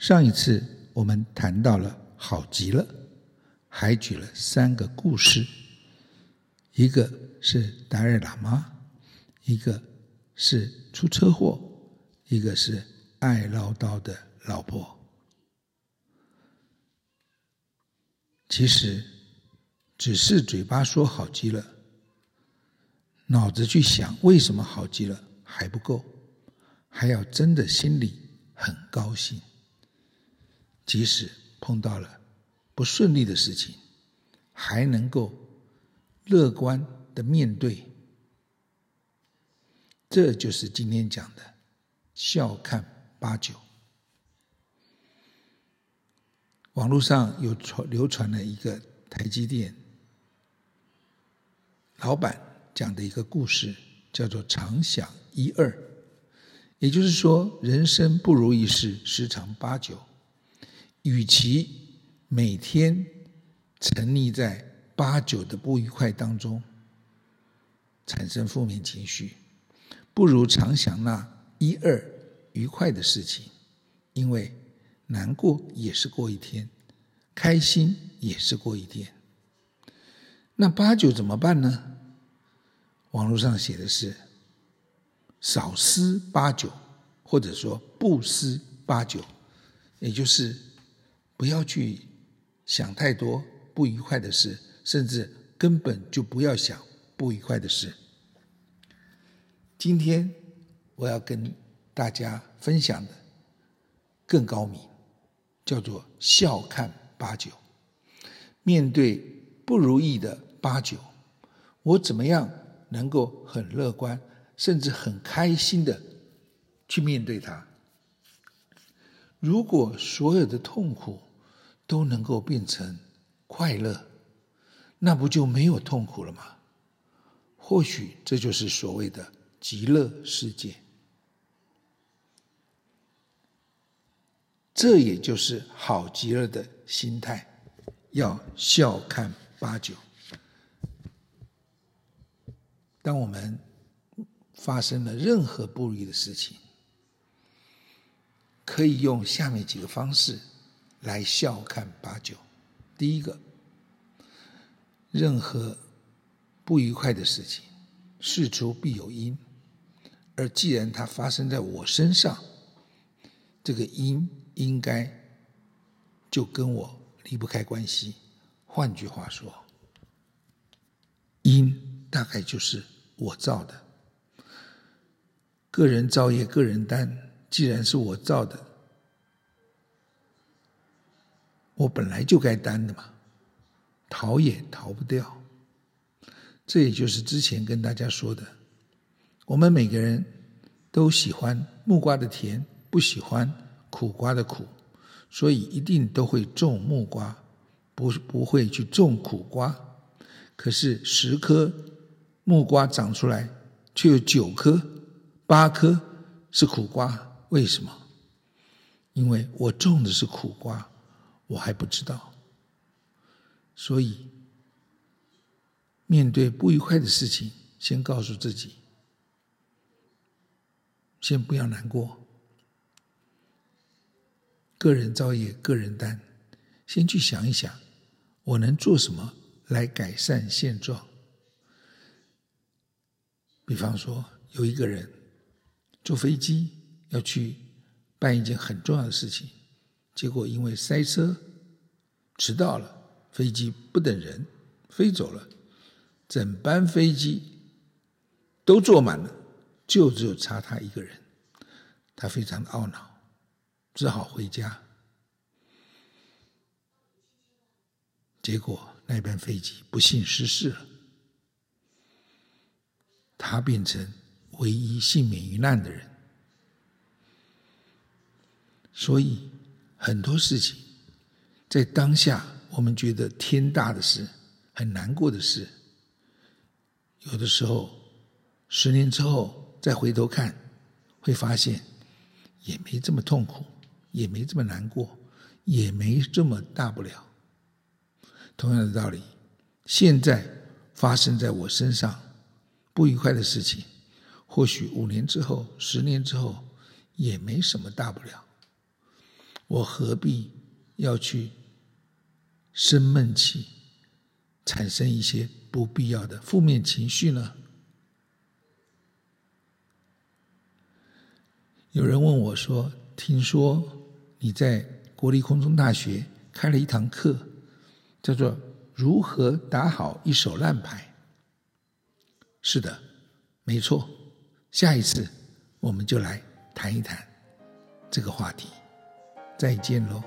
上一次我們談到了好極了，還舉了三個故事：一個是達賴喇嘛，一個是出車禍，一個是愛嘮叨的老婆。其實，只是嘴巴說好極了，腦子去想，為什麼好極了還不夠？還要真的心裡很高興。即使碰到了不順利的事情，還能夠樂觀的面對，這就是今天講的笑看八九。網絡上有傳流傳了一個台積電老板講的一個故事，叫做常想一二，也就是說，人生不如意事十常八九。與其每天沉溺在八九的不愉快當中，產生負面情緒，不如常想那一二愉快的事情。因為難過也是過一天，開心也是過一天。那八九怎麼辦呢？網絡上寫的是少思八九，或者說不思八九，也就是。不要去想太多不愉快的事，甚至根本就不要想不愉快的事。今天我要跟大家分享的更高明，叫做笑看八九。面對不如意的八九，我怎麼樣能夠很樂觀，甚至很開心的去面對它？如果所有的痛苦，都能夠變成快樂，那不就沒有痛苦了嗎？或許這就是所謂的極樂世界，這也就是好極了的心態。要笑看八九。當我們發生了任何不如意的事情，可以用下面幾個方式。來笑看八九。第一個，任何不愉快的事情，事出必有因。而既然它發生在我身上，這個因應該就跟我離不開關係。換句話說，因大概就是我造的。各人造業，各人擔。既然是我造的。我本來就該擔的嘛，逃也逃不掉。這也就是之前跟大家說的，我們每個人都喜歡木瓜的甜，不喜歡苦瓜的苦，所以一定都會種木瓜，不不會去種苦瓜。可是十棵木瓜長出來，卻有九棵、八棵是苦瓜，為什麼？因為我種的是苦瓜。我還不知道，所以面對不愉快的事情，先告訴自己，先不要難過。個人造業，個人擔，先去想一想，我能做什麼來改善現狀？比方說，有一個人坐飛機要去辦一件很重要的事情。結果因為塞車遲到了，飛機不等人，飛走了，整班飛機都坐滿了，就只有差他一個人，他非常懊惱，只好回家。結果那班飛機不幸失事了，他變成唯一幸免於難的人，所以。很多事情，在當下我們覺得天大的事、很難過的事，有的時候十年之後再回頭看，會發現也沒這麼痛苦，也沒這麼難過，也沒這麼大不了。同樣的道理，現在發生在我身上不愉快的事情，或許五年之後、十年之後也沒什麼大不了。我何必要去生悶氣，產生一些不必要的負面情緒呢？有人問我說：“聽說你在國立空中大學開了一堂課，叫做‘如何打好一手爛牌’。”是的，沒錯。下一次我們就來談一談這個話題。再見嘍。